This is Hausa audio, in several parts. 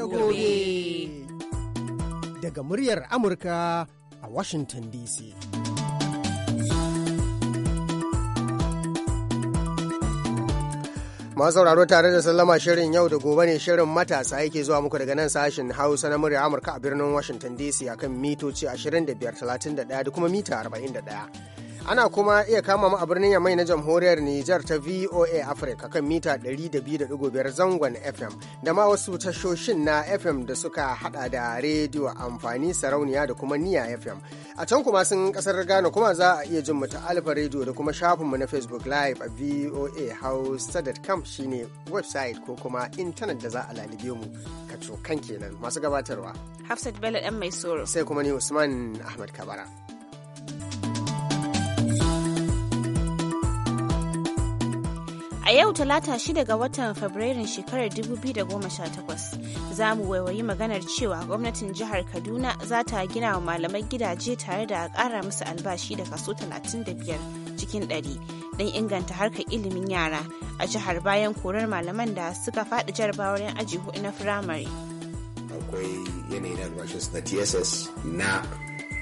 da gobe. Daga muryar Amurka a Washington DC. masu sauraro tare da sallama shirin yau da gobe ne shirin matasa yake zuwa muku daga nan sashen hausa na murya amurka a birnin washington dc akan mitoci 25 31 da kuma mita 41 Ana kuma iya kama mu a birnin Yamai na jamhuriyar Nijar ta VOA Africa kan mita 200.5 zangon FM da ma wasu tashoshin na FM da suka hada da rediyo amfani sarauniya da kuma niya FM. A can kuma sun kasar Ghana kuma za a iya jin mu ta Alfa Radio da kuma shafinmu na Facebook Live a VOA Hausa.com shine website ko kuma intanet da za a lalibe mu ka kan kenan masu gabatarwa. Hafsat Bello dan mai soro. Sai kuma ni Usman Ahmad Kabara. A yau talata shida ga watan Fabrairun shekarar 2018 za mu waiwayi maganar cewa gwamnatin jihar Kaduna za ta gina wa malamai gidaje tare da ƙara musu albashi da kaso 35 cikin 100 don inganta harkar ilimin yara a jihar bayan korar malaman da suka faɗi jarabawar yan aji hudu na firamare. Akwai yanayin albashinsu na TSS na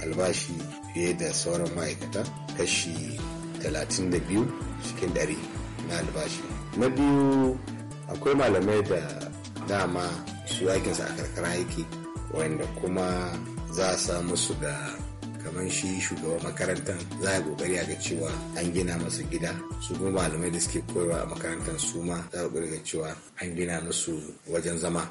albashi fiye da sauran ma'aikata kashi 32 cikin 100. na albashi na biyu akwai malamai da dama su sa a karkara yake wanda kuma za a samu su da kamar shi shugaban makarantar za a kokari ga cewa an gina masu gida su kuma malamai da suke koyarwa a makarantar su ma za a kokari ga cewa an gina musu wajen zama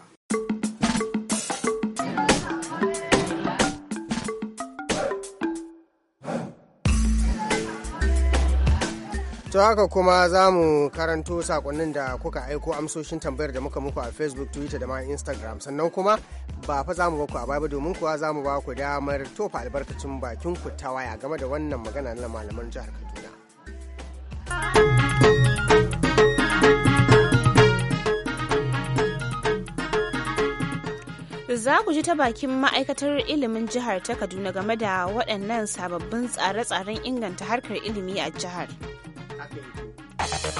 to haka kuma za mu karanto sakonnin da kuka aiko amsoshin tambayar da muka muku a facebook twitter da ma instagram sannan kuma ba fa za mu ba ku a ba domin kuwa za mu ba ku damar tofa albarkacin bakin ku ta waya game da wannan magana na malaman jihar kaduna za ku ji ta bakin ma'aikatar ilimin jihar ta kaduna game da waɗannan sababbin tsare-tsaren inganta harkar ilimi a jihar. To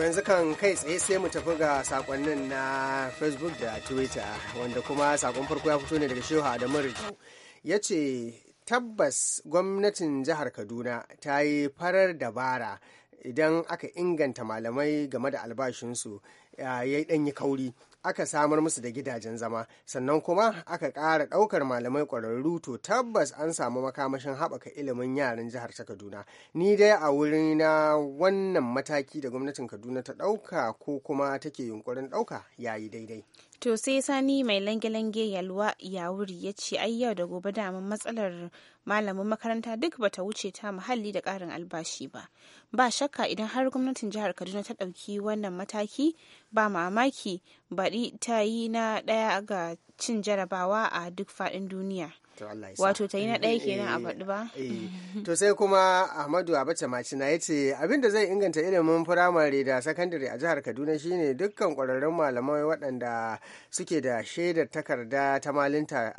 yanzu kan kai tsaye sai mu tafi ga sakonnin na Facebook da Twitter wanda kuma sakon farko ya fito ne daga Shehu Adamu Rijau. Ya ce tabbas gwamnatin jihar Kaduna ta yi farar dabara idan aka inganta malamai game da albashinsu ya yi kauri aka samar musu da gidajen zama sannan kuma aka ƙara ɗaukar malamai ƙwararru to tabbas an samu makamashin haɓaka ilimin yaran jihar ta kaduna ni dai a wuri na wannan mataki da gwamnatin kaduna ta ɗauka ko kuma take yunkurin ɗauka yayi daidai To sai sani mai lange-lange yalwa ya wuri ya ce ai yau da gobe dama matsalar malamin makaranta duk bata wuce ta muhalli da karin albashi ba. Ba shakka idan har gwamnatin jihar Kaduna ta ɗauki wannan mataki ba mamaki baɗi ta yi na ɗaya ga cin jarabawa a duk faɗin duniya. wato ta yi na ɗaya eh, kenan a eh, faɗi ba eh. to sai kuma ahmadu abacha macina ya ce abin da zai inganta ilimin firamare da sakandare a jihar kaduna shine dukkan ƙwararrun malamai waɗanda suke da shaidar takarda ta malinta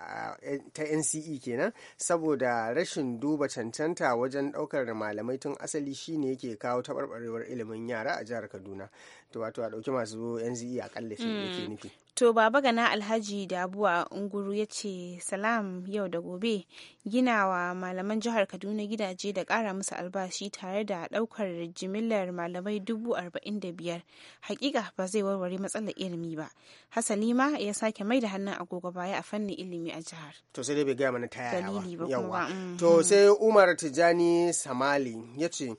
ta nce kenan saboda rashin duba cancanta wajen ɗaukar malamai tun asali shine yake kawo taɓarɓarewar ilimin yara a jihar kaduna to wato a ɗauki masu nce a ƙalla shi yake hmm. nufi To baba gana Alhaji Dabuwa Unguru ya ce salam yau da gobe ginawa malaman jihar Kaduna gidaje da ƙara musu albashi tare da ɗaukar jimillar malamai dubu arba'in da biyar hakika ba zai warware matsalar ilimi ba. Hasali ma ya sake mai da hannun agogo baya a fannin ilimi a jihar. To sai dai bai gaya mana ta yawa. Mm, to mm. sai Umar Tijani Samali ya ce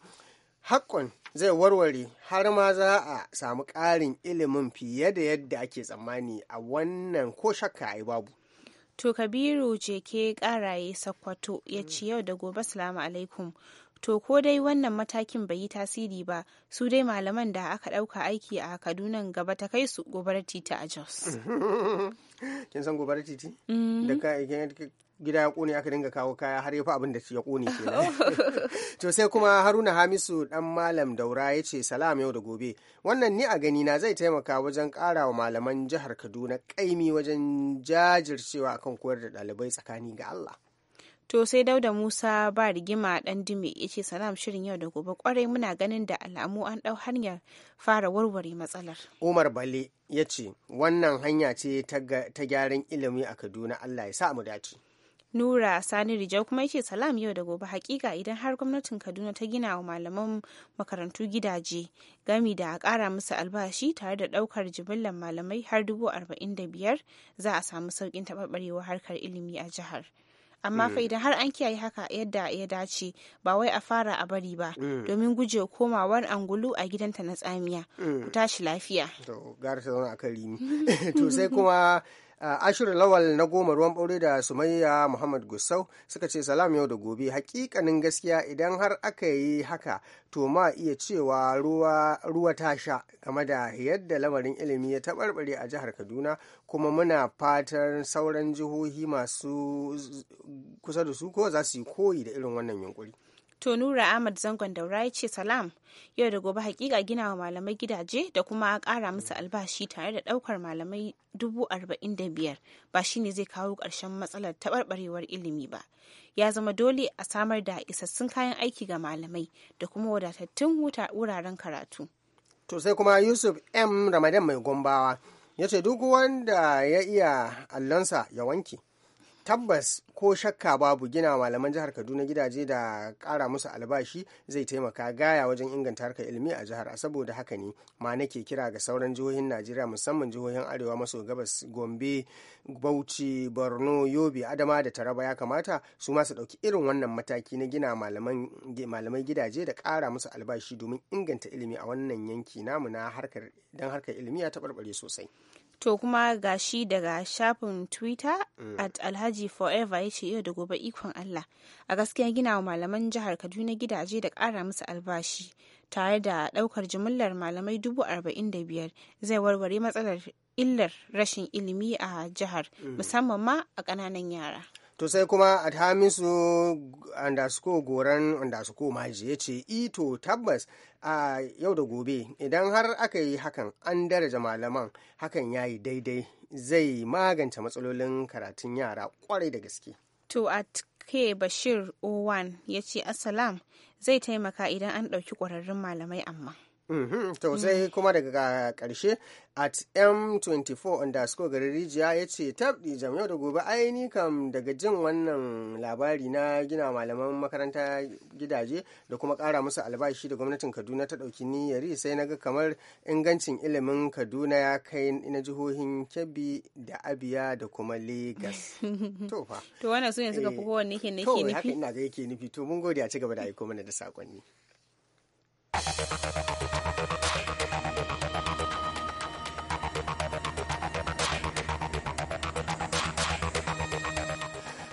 hakkon zai warware har ma za a samu ƙarin ilimin fiye da yadda ake tsammani a wannan ko shakka ai babu to kabiru je ke karaye sakwato ya ci yau da gobe salamu alaikum to ko dai wannan matakin bai yi tasiri ba su dai malaman da aka ɗauka aiki a kaduna gaba ta kai su gobarar titi a jos kin san gobarar titi mm-hmm. gida ya kone aka dinga kawo kaya har ya fi abin da ya kone kenan to sai kuma haruna hamisu dan malam daura ya ce salam yau da gobe wannan ni a gani na zai taimaka wajen kara wa malaman jihar kaduna kaimi wajen jajircewa akan koyar da dalibai tsakani ga allah to sai dauda musa ba rigima dan dume ya ce salam shirin yau da gobe kwarai muna ganin da alamu an dau hanyar fara warware matsalar umar bale ya ce wannan hanya ce ta gyaran ilimi a kaduna allah ya sa mu dace Nura Sani Rijau kuma yake salam yau da gobe hakika idan har gwamnatin Kaduna ta gina wa malaman makarantu gidaje gami da a kara musu albashi tare da daukar jimillar malamai har dubu arba'in da biyar za a samu saukin taɓarɓarewar harkar ilimi a jihar. amma fa mm. idan har an kiyaye haka yadda ya dace ba wai a fara a bari ba mm. domin guje komawar angulu a gidanta na tsamiya ku mm. tashi lafiya to gara ta zauna a kan to sai kuma a ashirin lawal na goma ruwan ɓaure da sumayya muhammad gusau suka ce salam yau da gobe hakikanin gaskiya idan har aka yi haka to ma iya cewa ruwa ta sha game da yadda lamarin ilimi ya taɓarɓare a jihar kaduna kuma muna fatan sauran jihohi masu kusa da su ko za su yi koyi da irin wannan yunkuri To Nura Ahmad Zangon Daura ya ce salam yau da gobe hakika gina wa malamai gidaje da kuma ƙara musu albashi tare da ɗaukar malamai dubu arba'in da biyar ba shine zai kawo ƙarshen matsalar taɓarɓarewar ilimi ba. Ya zama dole a samar da isassun kayan aiki ga malamai da kuma wadatattun wuraren karatu. To sai kuma Yusuf M. Ramadan mai gombawa ya ce duk wanda ya iya allonsa ya wanke. tabbas ko shakka babu gina malaman jihar kaduna gidaje da kara musu albashi zai taimaka gaya wajen inganta harkar ilimi a jihar saboda haka ne ma nake kira ga sauran jihohin najeriya musamman jihohin arewa maso gabas gombe bauchi borno yobe adama da taraba ya kamata su masu ɗauki irin wannan mataki na gina malamai gidaje da kara musu albashi domin inganta ilimi a wannan yanki namu na harkar don harkar ilimi ya taɓarɓare sosai to kuma ga shi daga shafin twitter mm. at alhaji forever ya ce yau da gobe ikon allah a gaskiya gina wa malaman jihar kaduna gidaje da ƙara musu albashi tare da ɗaukar jimillar malamai dubu arba'in da biyar zai warware matsalar illar rashin ilimi a jihar mm. musamman ma a ƙananan yara to sai kuma a hamisu underscore goran underscore maji ya ce ito e tabbas a yau da gobe idan har aka yi hakan an daraja malaman hakan ya yi daidai zai magance matsalolin karatun yara kwarai da gaske to at K Bashir O1 ya ce Assalam zai taimaka idan an ɗauki ƙwararrun malamai amma. Mm-hmm. to mm. sai kuma daga karshe at m24 underscore garin rijiya ya ce tabdi jam yau da gobe aini kam daga jin wannan labari na gina malaman makaranta gidaje da kuma kara musu albashi da gwamnatin kaduna ta dauki niyyari sai na ga kamar ingancin ilimin kaduna ya kai na jihohin kebbi da abia da kuma legas. to fa to wannan su ne suka fi eh, ke nufi to haka ina ga yake nufi to mun gode a ci gaba da aiko mana da sakonni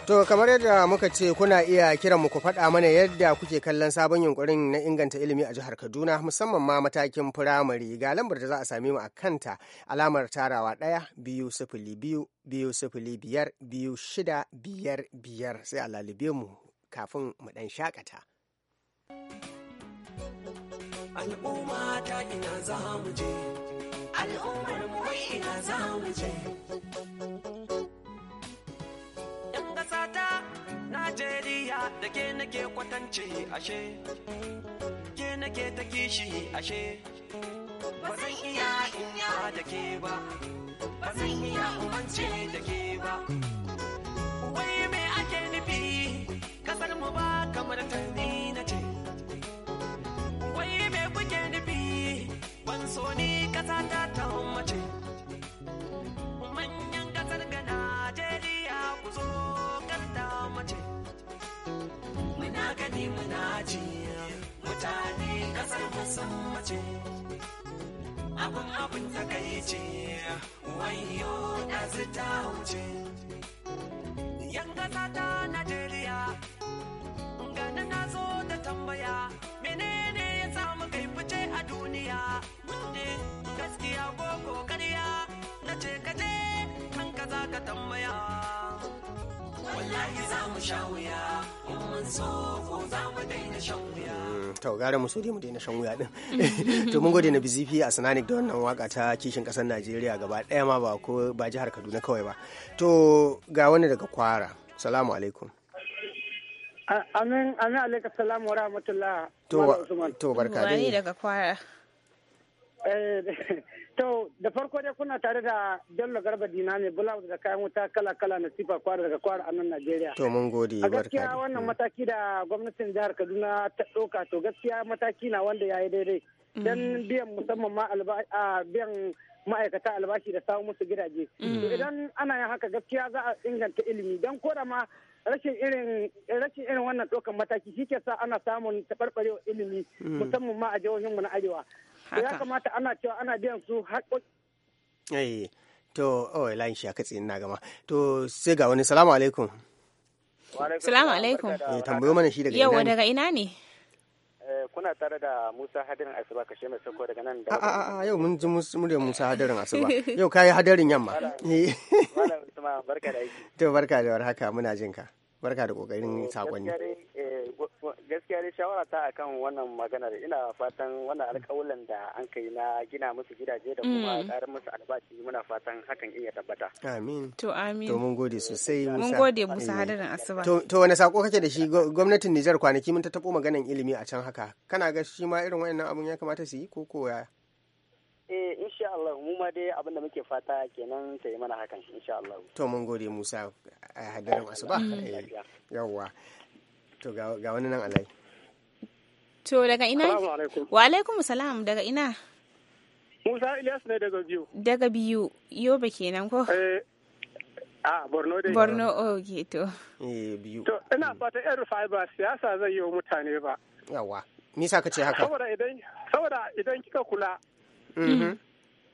To kamar yadda muka ce kuna iya kiran mu ku faɗa mana yadda kuke kallon sabon yunkurin na inganta ilimi a jihar Kaduna musamman ma matakin firamare ga lambar da za a same mu a kanta alamar tarawa ɗaya biyu sifili biyu biyu sifili biyar biyu shida biyar biyar sai a lalube mu kafin mu ɗan shakata. Al'umma ta ina za je, al'ummar ina za mu je. ta Najeriya da ke nake kwatance ashe ke nake ta kishi ashe ba zan iya inya da ke ba ba zan iya umance da ke ba wai me ake nufi kasar mu ba kamar tanni na ce wai me kuke nufi ban so ni kasata ta mace san mace abin abin ta kai ce wayo da ta wuce yan gasa ta najeriya gani na zo da tambaya menene ya samu kai fice a duniya ne gaskiya ko kokariya na ce kaje kan ka za ka tambaya wallahi za mu sha wuya in mun so ko za mu daina shan wuya mm, to gara mu so dai mu daina shan wuya din to mun gode na bizifi a sananik da wannan waka ta kishin kasar Najeriya gaba daya ma ba ko ba jihar Kaduna kawai ba to ga wani daga Kwara salamu alaikum anan amin alaikum salamu wa rahmatullah to to barka dai daga Kwara eh, To da farko dai kuna tare da Bello Garba Dina ne bulawu da kayan wuta kala-kala na sifa kwara daga kwara a nan Najeriya. To mun gode A gaskiya wannan mm. mataki da gwamnatin jihar Kaduna ta ɗauka to gaskiya mataki na wanda ya yi daidai. Mm. Dan biyan musamman ma biyan ma'aikata albashi da samu musu gidaje. Mm. Idan ana yin haka gaskiya za a inganta ilimi don da ma rashin irin rashin irin wannan ɗaukan mataki shi ke sa ana samun taɓarɓarewa ilimi musamman ma a jihohinmu na arewa ya kamata ana cewa su haƙoƙi eh, to oh layin shi eh, tambayo mana shi daga ina daga ina ne eh, kuna tare da Musa Hadarin Asuba kashe mai sako daga nan da a ah, a ah, ah, yau mun ji muryar Musa Hadarin Asuba yau kai hadarin yamma eh malam Usman barka da aiki to barka da warhaka muna jinka ka barka da kokarin eh, sakonni eh, gaskiya dai shawara ta akan wannan maganar ina fatan wannan alƙawulan da an kai na gina musu gidaje da kuma karin mm. musu albashi muna fatan hakan iya tabbata amin to amin to mun gode sosai mun gode musa hadarin asuba to wani sako kake da shi gwamnatin Nijar kwanaki mun ta tabo maganan ilimi a can haka kana ga shi ma irin wayannan abun ya kamata su yi ko koya Eh, insha Allah mu ma dai abinda muke fata kenan ta yi mana hakan insha Allah to mun gode Musa a hadarin asuba mm. eh, yawa to ga wani nan alai to daga ina wa alaikum salam daga ina Musa Ilyas ne daga biyu daga biyu yobe kenan ko eh Ah, Borno dai. Borno, ok, to. Eh, biyu. To, ina fata yan rufai ba siyasa zai yi wa mutane ba. Yawa, nisa ka ce haka? saboda idan kika kula, Mm-hmm.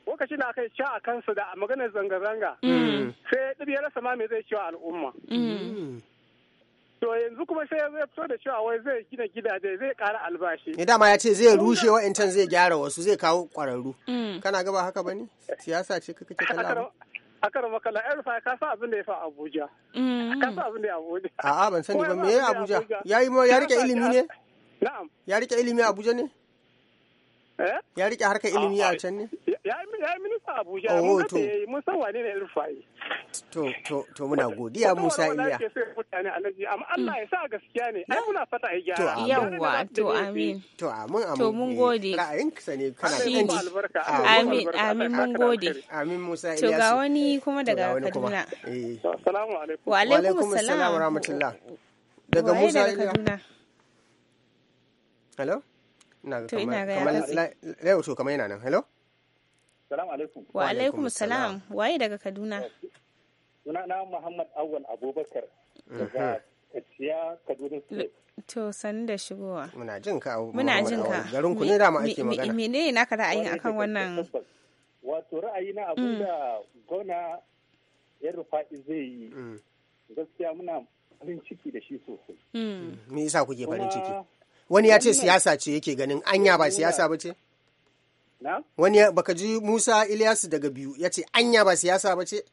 lokaci na kai sha a kansu da maganar zanga-zanga mm-hmm. sai ɗabi ya rasa ma me zai cewa al'umma mm-hmm. to yanzu kuma sai zai fito da cewa wai zai gina gidaje zai ƙara albashi Ni eh, dama ya ce zai rushe wa'incan zai gyara wasu zai kawo ƙwararru mm. kana gaba haka ni? siyasa ce kake kallon a kan makala yan rufa ka sa abin da ya fa abuja ka sa abin da ya abuja a'a ban sani ba me ya abuja ya yi ya rike ilimi ne na'am ya rike ilimi abuja ne Ya rike harkar ilimi a can ne? Ya yi minista Abuja, oh, mun kasa oh, yi, mun san wane ne Rufai. To, to, to muna godiya Musa Iliya. ya sa gaskiya Yawwa, to amin. To To mun eh, gode. Ra'ayin ne ah, Amin, amin mun gode. Musa Iliya. To ga wani kuma daga Kaduna. Eh. alaikum. Wa alaikum wa Daga Musa Iliya. Hello? ina ga kamar lai so kamar yana nan hello salamu alaikum wa alaikum salam waye daga kaduna oh, suna na muhammad awal abubakar daga mhm. tsiya kaduna to sani da shigowa muna jin ka muna jin ka garin ku ne da ma ake magana mene ne naka ra'ayin akan wannan wato ra'ayi na mm. abu da gona ya rufa zai yi mm. gaskiya muna farin ciki da shi sosai mm. me yasa kuke farin ciki wani ya ce siyasa ce yake ganin eh, anya ba siyasa ba ce wani baka ji musa iliyasu daga biyu ya ce anya ba siyasa ba ce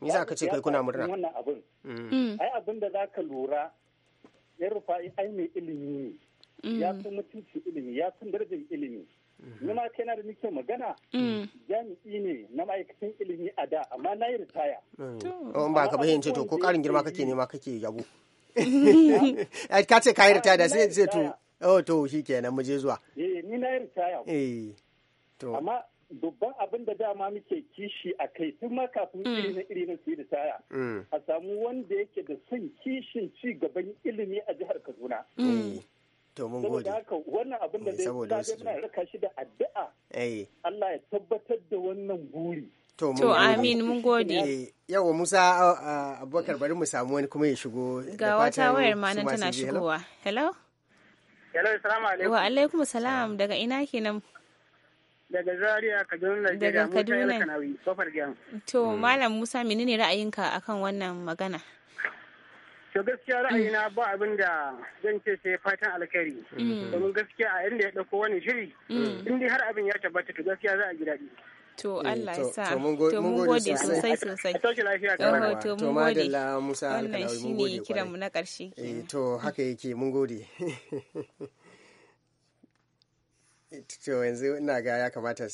me za ka ce kai kuna murna wannan abin mm. ai abin da ka lura ya rufa ai mai ilimi ne mm. ya san mutunci ilimi ya san darajar ilimi mm-hmm. ni ma kai na da nake magana mm. jami'i ne na ma'aikacin ilimi a da amma na yi ritaya to oh, ba ka bayyance to ko karin girma kake nema kake yabo ka ce ka yi ritaya sai sai to oh to shi kenan mu je zuwa eh ni na yi ritaya eh to amma dubban abin da dama muke kishi a kai tun ma kafin mm. iri na iri na su yi ritaya mm. a samu wanda yake da son kishin ci gaban ilimi a jihar Kaduna mm. To mun gode. haka wannan abin da zai eh, da raka shi da addu'a. Eh. Allah ya tabbatar da wannan buri. To, amin mun gode. Eh, Yawa Musa Abubakar bari mu samu wani kuma ya shigo. Ga wata wayar ma nan tana shigowa. Hello? Hello, salamu alaikum. Wa alaikum salam ah. daga ina kenan. Daga Zaria, Kaduna, Daga Kaduna. To, hmm. Malam Musa menene ra'ayinka akan wannan magana? to gaskiya ra'ayina hmm. ba abin da zan ce sai fatan alkhairi hmm. domin gaskiya a inda ya dauko wani shiri in har abin ya tabbata to gaskiya za a ji daɗi To eh, Allah ya sa. To mun gode sosai sosai. To mun gode. Musa Alkalawi mun gode. Wannan shine kiran mu na ƙarshe. Eh, to haka yake mun gode. to yanzu ina ga ya kamata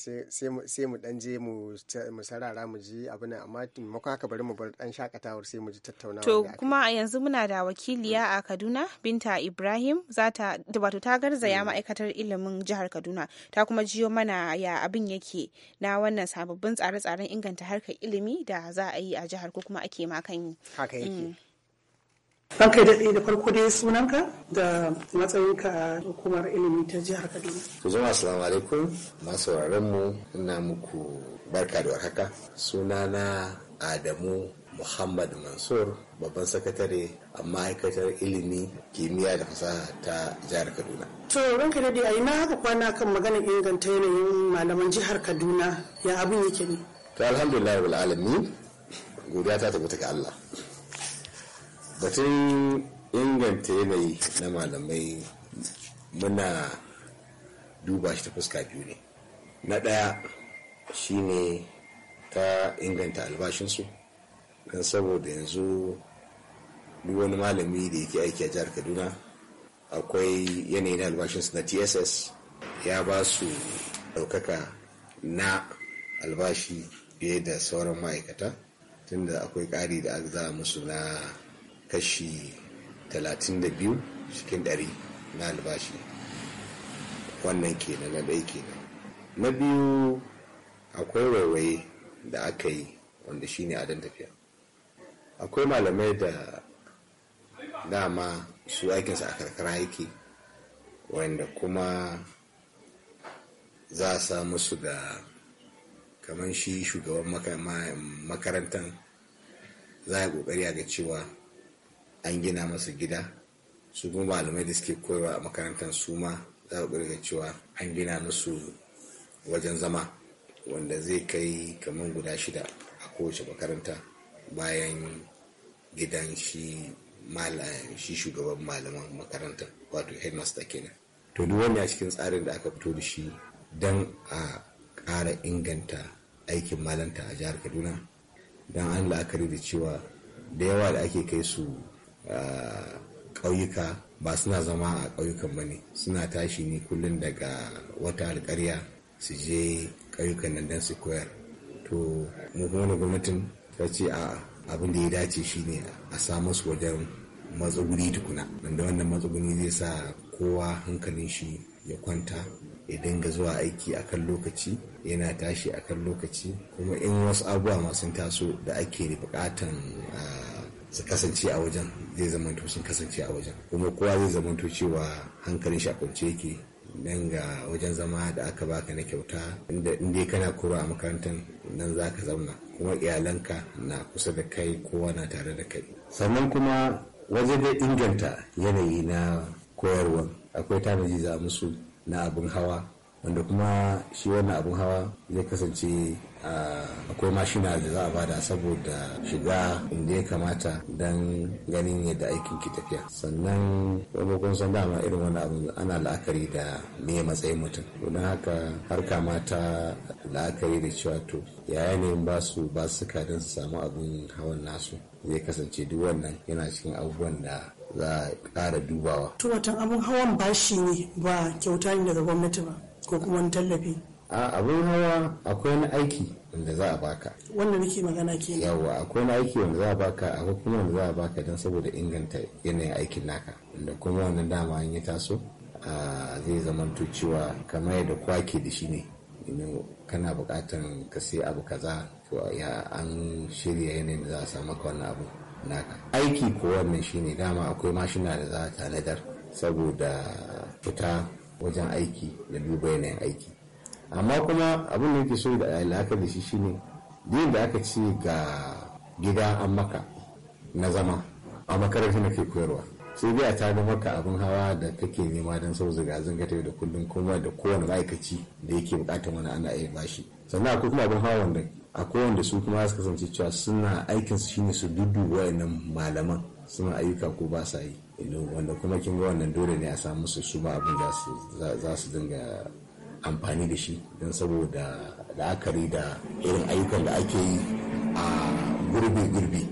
sai mu dan je mu sarara mu ji abu ne amma maimakon haka bari mu bar dan shakatawar sai mu ji tattaunawa to kuma yanzu muna da wakiliya a Kaduna Binta Ibrahim za ta wato ta garzaya mm. ma'aikatar ilimin jihar Kaduna ta kuma jiyo mana ya abin yake na wannan sababbin tsare-tsaren inganta harkar ilimi da za a yi a jihar ko kuma ake makan yi haka yake mm. An kai daɗe da farko dai sunanka da matsayinka a hukumar ilimi ta jihar Kaduna. To jama'a assalamu alaikum masu mu ina muku barka da warhaka sunana Adamu Muhammad Mansur babban sakatare a ma'aikatar ilimi kimiyya da fasaha ta jihar Kaduna. To ranka da a ina haka kwana kan magana inganta yanayin malaman jihar Kaduna ya abin yake ne. To alhamdulillah alamin godiya ta tabbata ga Allah. batun inganta yanayi na malamai muna duba shi ta fuska biyu ne na ɗaya shine ta inganta albashinsu don saboda yanzu duk wani malami da yake aiki a jihar kaduna akwai yanayi na albashinsu na tss ya ba su ɗaukaka na albashi fiye da sauran ma'aikata tunda akwai ƙari da za musu na kashi 32 cikin 100 na albashi wannan kenan na ɗaya kenan na biyu akwai waiwaye da aka yi wanda shine adon tafiya akwai malamai da dama su aikinsa a karkara yake wanda kuma za a sa musu da kamar shi shugaban makarantar za a yi kokari a ga cewa an gina masa gida su kuma malamai da suke koyarwa a makarantar su ma za ku ga cewa an gina musu wajen zama wanda zai kai kamar guda shida a kowace makaranta bayan gidan shi shi shugaban malaman makaranta wato headmaster kenan to duk wani a cikin tsarin da aka fito da shi don a ƙara inganta aikin malanta a jihar kaduna don an la'akari da cewa da yawa da ake kai su ƙauyuka ba suna zama a ƙauyukan ba ne suna tashi ne kullum daga wata alƙarya su je ƙauyukan nan Dan su koyar to mu kuma na gwamnatin ta ce a abin da ya dace shine a samu su wajen matsuguni tukuna wanda wannan matsuguni zai sa kowa hankalin shi ya kwanta ya dinga zuwa aiki a kan lokaci yana tashi a kan lokaci kuma in wasu abubuwa masu taso da ake bukatan su kasance a wajen zai zamanto sun kasance a wajen kuma kowa zai zamanto cewa hankalin shi a yake nan ga wajen zama da aka baka na kyauta inda dai kana koro a makarantar nan za ka zauna kuma iyalanka na kusa da kai kowa na tare da kai sannan kuma waje da inganta yanayi na koyarwa akwai tanaji za musu na abin hawa wanda kuma shi wannan abun hawa zai kasance akwai mashina da za a bada saboda shiga inda ya kamata don ganin yadda aikin ki tafiya sannan kuma san dama irin wani abu, ana la'akari da me matsayin mutum don haka har kamata, la'akari da cewa to yaya ne ba su ba su don su samu abin hawan nasu zai kasance duk wannan yana cikin abubuwan da za a ƙara dubawa. To watan abun hawan bashi ne ba kyauta ne daga gwamnati ba. ko kuma wani tallafi a abin hawa akwai wani aiki wanda za a baka wanda nake magana ke yawa akwai wani aiki wanda za a baka akwai kuma wanda za a baka don saboda inganta yanayin aikin naka da kuma wannan dama an yi taso zai zamanto cewa kamar yadda kwake da shi ne kana buƙatar ka sai abu kaza ya an shirya yanayin da za a samu wannan abu naka aiki ko wannan shine dama akwai mashina da za a tanadar saboda fita wajen aiki da duba yanayin aiki amma kuma abin da yake so da alaka da shi shine din da aka ce ga gida an maka na zama a makarantar da ke koyarwa sai dai ta ga maka abin hawa da kake nema don sau zuga zanga ta da kullum kuma da kowane ma'aikaci da yake bukatar wani ana iya bashi sannan akwai kuma abin hawa wanda akwai wanda su kuma su kasance cewa suna aikinsu shine su dudu wayannan malaman suna ayyuka ko ba sa yi wanda kuma kin ga wannan dole ne a samu su su ba abin za su dinga amfani da shi don saboda la'akari da irin ayyukan da ake yi a gurbi-gurbi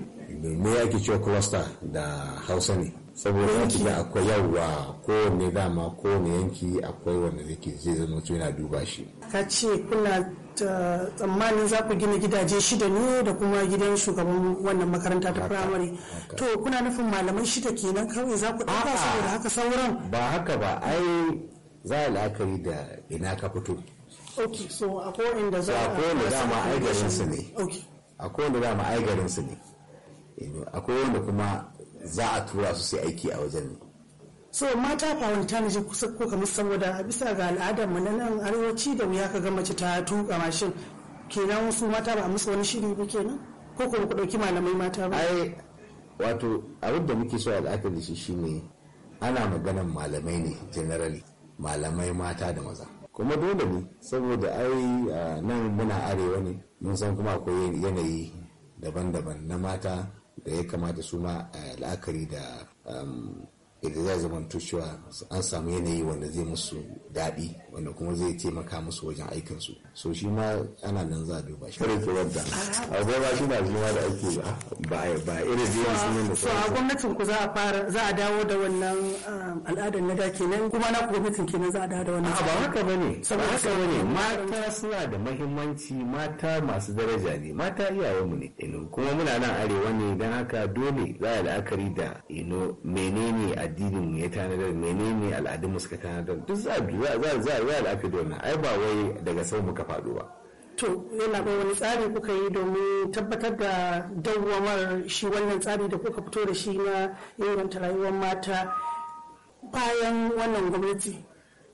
me ke cewa cluster da hausa ne saboda yanki da akwai yawa ko wanne dama ko wanne yanki akwai wanda zai zama yana duba shi ka ce kuna tsammanin za ku gina gidaje shida ne da kuma gidan shugaban wannan makaranta ta firamare to kuna nufin malaman shida kenan kawai za ku ɗauka saboda haka sauran ba haka ba ai za a la'akari da ina ka fito ok so za a kowane a ne akwai wanda eh, kuma za a tura su sai aiki a wajen ne so mata fawon tanaji kusa ko kamar saboda bisa ga al'adar mu na nan arewaci da wuya ka ga mace ta tuka mashin kenan wasu mata ba a musu wani shiri ba kenan ko kuma ku dauki malamai mata ba ai wato abin da muke so a al'adar da shi shine ana maganan malamai ne generally malamai mata da maza kuma dole ne saboda ai nan muna arewa ne mun san kuma akwai yanayi daban-daban na mata da ya kamata su ma eh, la'akari da um, idan za zama cewa an samu yanayi wanda zai musu daɗi wanda kuma zai taimaka musu wajen aikinsu so shi ma ana nan za a duba shi kare ke wadda zai ba shi na shi ma da ake ba ba irin biyan su ne da so a gwamnatin ku za a fara za a dawo da wannan um, al'adar na da kenan kuma na gwamnatin kenan za a dawo da wannan ba haka ba ne saboda haka ba ne mata suna da mahimmanci mata masu daraja ne mata mu ne kuma muna nan arewa ne don haka dole za a la'akari da ino menene a addinin ya tanadar menene al'adun mu suka tanadar duk za a za za yi al'afi da a ai ba wai daga sau muka faɗo ba to yana ba wani tsari kuka yi domin tabbatar da dawwamar shi wannan tsari da kuka fito da shi na inganta rayuwar mata bayan wannan gwamnati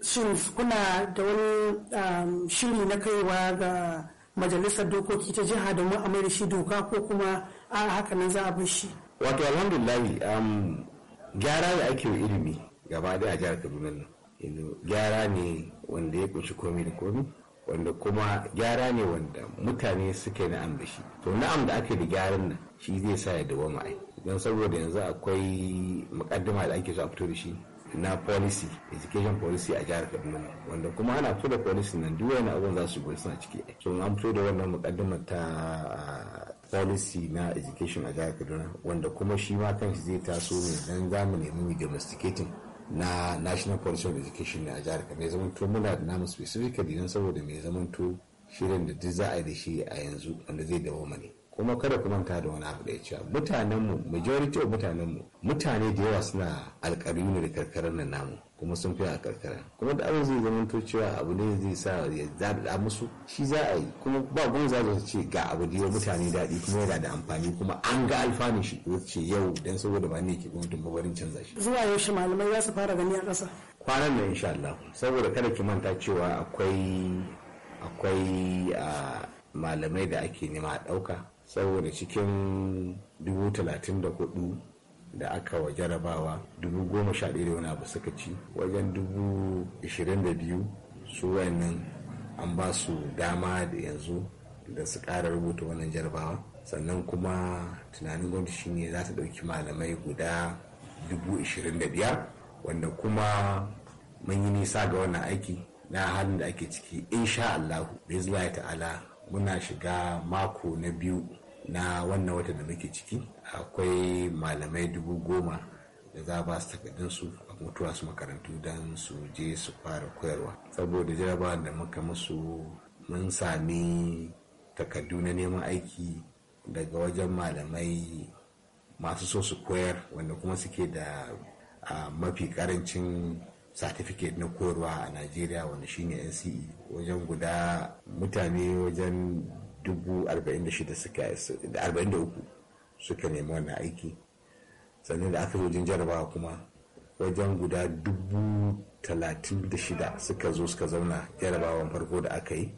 shin kuna da wani um, shiri na kaiwa ga majalisar dokoki ta jiha domin a mai shi doka ko kuma a haka nan za a bar shi wato alhamdulillahi um, gyara da ake wa ilimi gaba da a jihar kaduna nan yanzu gyara ne wanda ya kunshi komi da komi wanda kuma gyara ne wanda mutane suke na'am da shi to na'am da ake da gyaran nan shi zai sa ya dawama ai don saboda yanzu akwai mukaddima da ake so a fito da shi na policy education policy a jihar kaduna wanda kuma ana fito da policy nan duk wani abun za su goyi suna ciki so an fito da wannan mukaddimar ta policy na education a jihar kaduna wanda kuma shi ma kanshi zai taso ne don za mu nemi mu domesticating na national policy of education a jihar kaduna zaman to muna da namu specifically don saboda mai zaman to shirin da duk za a yi da shi a yanzu wanda zai dawo ne. kuma kada ku manta da wani abu da ya cewa mutanenmu majority of mutanenmu mutane da yawa suna alƙarin ne da karkarar nan namu kuma sun fi a karkara kuma da abin zai zama to cewa abu ne zai sa ya zaɗa musu shi za a yi kuma ba gun za su ce ga abu da mutane daɗi kuma yana da amfani kuma an ga alfanu shi ce yau dan saboda ba ne ke gwamnatin babarin canza shi zuwa yaushe malamai za su fara gani a ƙasa kwanan nan insha Allah saboda kada ki manta cewa akwai akwai ah, malamai da ake nema a ɗauka saboda cikin dubu da aka wa jarabawa dubu goma sha wani abu suka ci wajen dubu ishirin su wayannan an ba su dama da yanzu da su ƙara rubuta wannan jarabawa sannan kuma tunanin gwamnati shine za ta ɗauki malamai guda dubu wanda kuma mun yi nisa ga wannan aiki na halin da ake ciki insha Allahu bizlahi ta'ala muna shiga mako na biyu na wannan wata da muke ciki akwai malamai dubu goma da za ba su takardun su a mutuwa su makarantu don su je su fara koyarwa saboda jaraba da muka musu mun sami takardu na neman aiki daga wajen malamai masu so su koyar wanda kuma suke da ah, mafi karancin certificate na koyarwa a najeriya wanda shine nce wajen guda mutane wajen dubu arba'in da uku suka nemi wannan aiki sannan da aka wajen jarabawa kuma wajen guda dubu talatin da shida suka zo suka zauna jarabawan farko da aka yi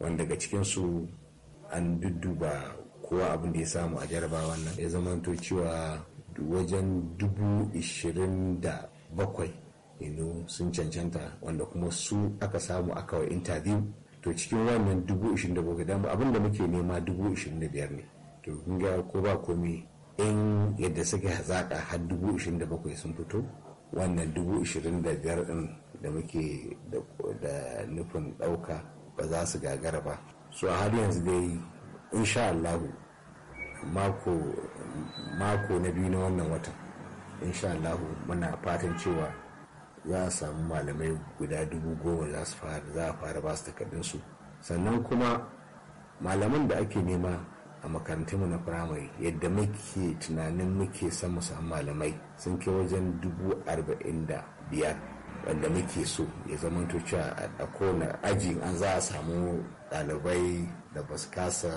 wanda daga cikinsu an dudduba kowa abin da ya samu a jarabawan nan ya zamanto cewa wajen dubu ishirin da bakwai. inu sun cancanta wanda kuma su aka samu aka wa interview to cikin wannan dubu ishirin da bakwai abin da muke nema dubu ishirin da biyar ne to kun ga ko ba komi in yadda suke hazaƙa har dubu ishirin da bakwai sun fito wannan dubu ishirin da biyar ɗin da muke da nufin ɗauka ba za su gagara ba so a har yanzu dai insha Allahu mako na biyu na wannan watan insha Allahu muna fatan cewa za a samu malamai guda dubu goma za a fara ba su takardunsu sannan kuma malaman da ake nema a makarantunmu na firamare yadda muke tunanin muke samu mu samu malamai sun kai wajen dubu arba'in da biyar wanda muke so ya zama cewa a kowane aji an za a samu ɗalibai da ba su kasa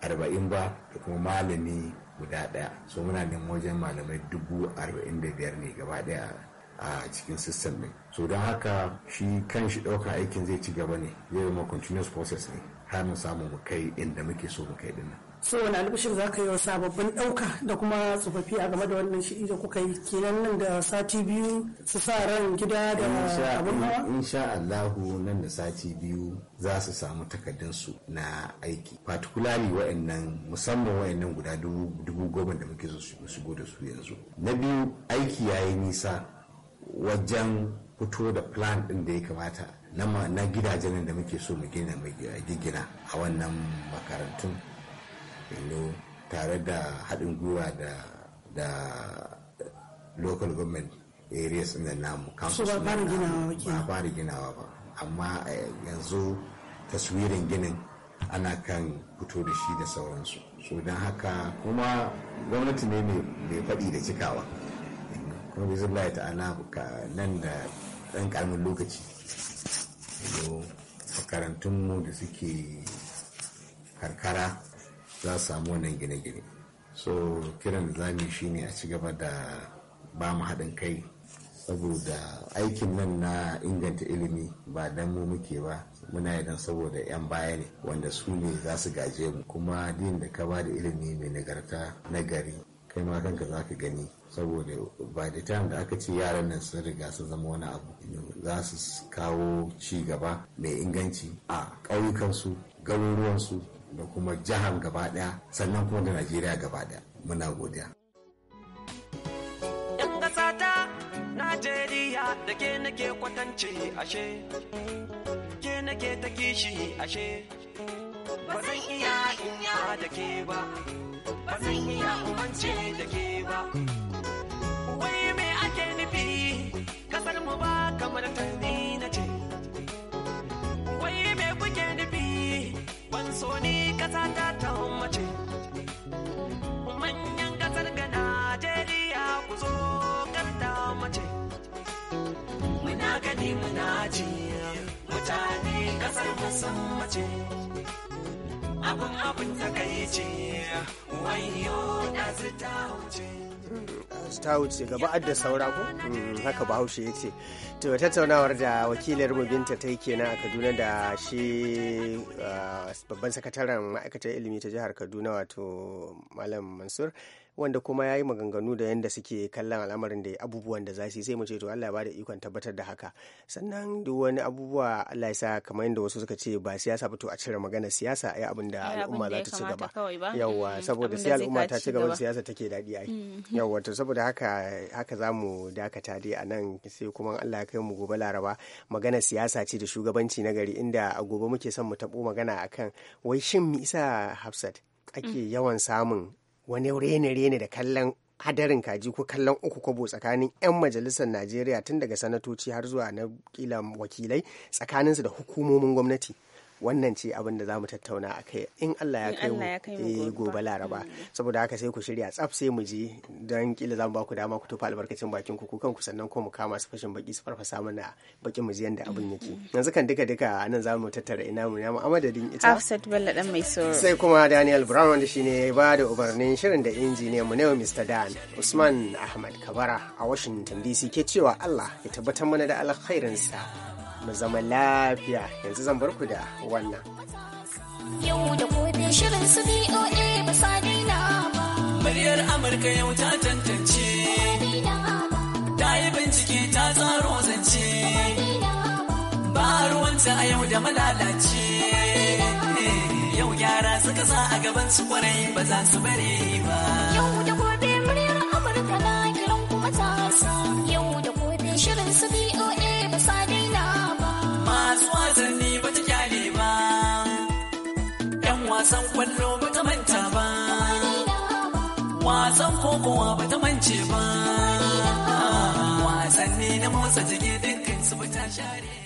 arba'in ba da kuma malami guda ɗaya so muna neman wajen malamai dubu arba'in da biyar ne gaba ɗaya a cikin system ɗin so don haka shi kan shi ɗaukar aikin zai ci gaba ne zai yi continuous process ne har mu samu mu kai inda muke so mu kai dinnan so wani albishir za ka yi wa sababbin ɗauka da kuma tsofaffi a game da wannan shi da kuka yi kenan nan da sati biyu su sa ran gida da abin hawa? insha Allahu nan da sati biyu za su samu takardunsu na aiki particularly wa'annan musamman wa'annan guda dubu goma da muke so su shigo da su yanzu na biyu aiki yayi nisa wajen fito da plan ɗin da ya kamata na gidajen da muke so mu gina gina a wannan makarantun tare da haɗin gwiwa da da local government areas ɗin da namu kansu ba fara ginawa ba amma eh, yanzu taswirin ginin ana kan fito da shi da sauransu so don haka kuma gwamnati ne mai faɗi da cikawa kuma bai zai ta'ala nan da ɗan ƙaramin lokaci makarantunmu da suke karkara za su samu wannan gine-gine so kiran da zamu shi ne a ci gaba da ba mu haɗin kai saboda aikin nan na inganta ilimi ba dan mu muke ba muna yi don saboda 'yan baya ne wanda su ne za su gaje mu kuma din da ka ba da ilimi mai nagarta nagari kai ma kanka za ka gani saboda by the time da aka ce yaran nan sun riga su zama wani abu za su kawo ci gaba mai inganci a ƙauyukansu garuruwansu da kuma jihar gaba daya sannan kuma da najeriya gaba daya muna godiya Najeriya da ke nake kwatance ashe, ke nake ta kishi ashe. ba zan iya inya da ke ba ba zan iya umance da ke ba wai me ake nufi kasar mu ba kamar ta na ce wai me kuke nufi ban so ni kasa ta ta mace manyan kasar ga Najeriya ku zo karta mace muna gani muna jiya mutane kasar musamman mace abun gaba adda saura ko mm, haka bahaushe ya ce to tattaunawar da wakilar mu binta ta yi kenan a kaduna da shi ah, babban sakataren ma'aikatar ilimi ta jihar kaduna wato malam mansur wanda kuma ya yi maganganu da yadda suke kallon al'amarin da abubuwan da za su yi sai mu ce to Allah ya bada ikon tabbatar da haka sannan duk wani abubuwa Allah ya sa kamar yadda wasu suka ce ba siyasa fito a cire magana siyasa ai abin da al'umma za ta ci gaba yawa mm, saboda sai al'umma ta ci gaba siyasa take daɗi ai mm-hmm. yawa to saboda haka haka za mu dakata dai a nan sai kuma Allah ya kai mu gobe laraba magana siyasa ce da shugabanci na gari inda a gobe muke son mu taɓo magana akan wai shin me isa Hafsat ake mm. yawan samun wani rene-rene da kallon hadarin kaji ko kallon uku kobo tsakanin 'yan majalisar najeriya tun daga sanatoci har zuwa na kila wakilai tsakaninsu da hukumomin gwamnati wannan ce abin da zamu tattauna a kai in Allah ya kai mu eh, gobe laraba mm. saboda haka sai ku shirya tsaf sai mu je don kila zamu ba ku dama ku tofa albarkacin bakin ku kan ku sannan ko mu kama su fashin baki su farfasa mana bakin mu yanda abin mm. yake yanzu kan duka duka nan zamu tattara ina mu na amadadin ita Hafsat Bello dan mai so sai kuma Daniel Brown wanda shine ya ba da ubarnin shirin da injiniya mu ne Mr Dan Usman Ahmad Kabara a Washington DC ke cewa Allah ya tabbatar mana da sa mu zama lafiya yanzu zan bar ku da wannan. Yau da gobe shirin su BOA ba sa daina ba. Muryar Amurka yau ta tantance. Ta yi bincike ta tsaro zance. Ba ruwanta a yau da malalace. Yau gyara suka sa a gaban su kwarai ba za su bare ba. Yau da kowa ba ta mance ba wasanni na motsa jiki dukkan su ta share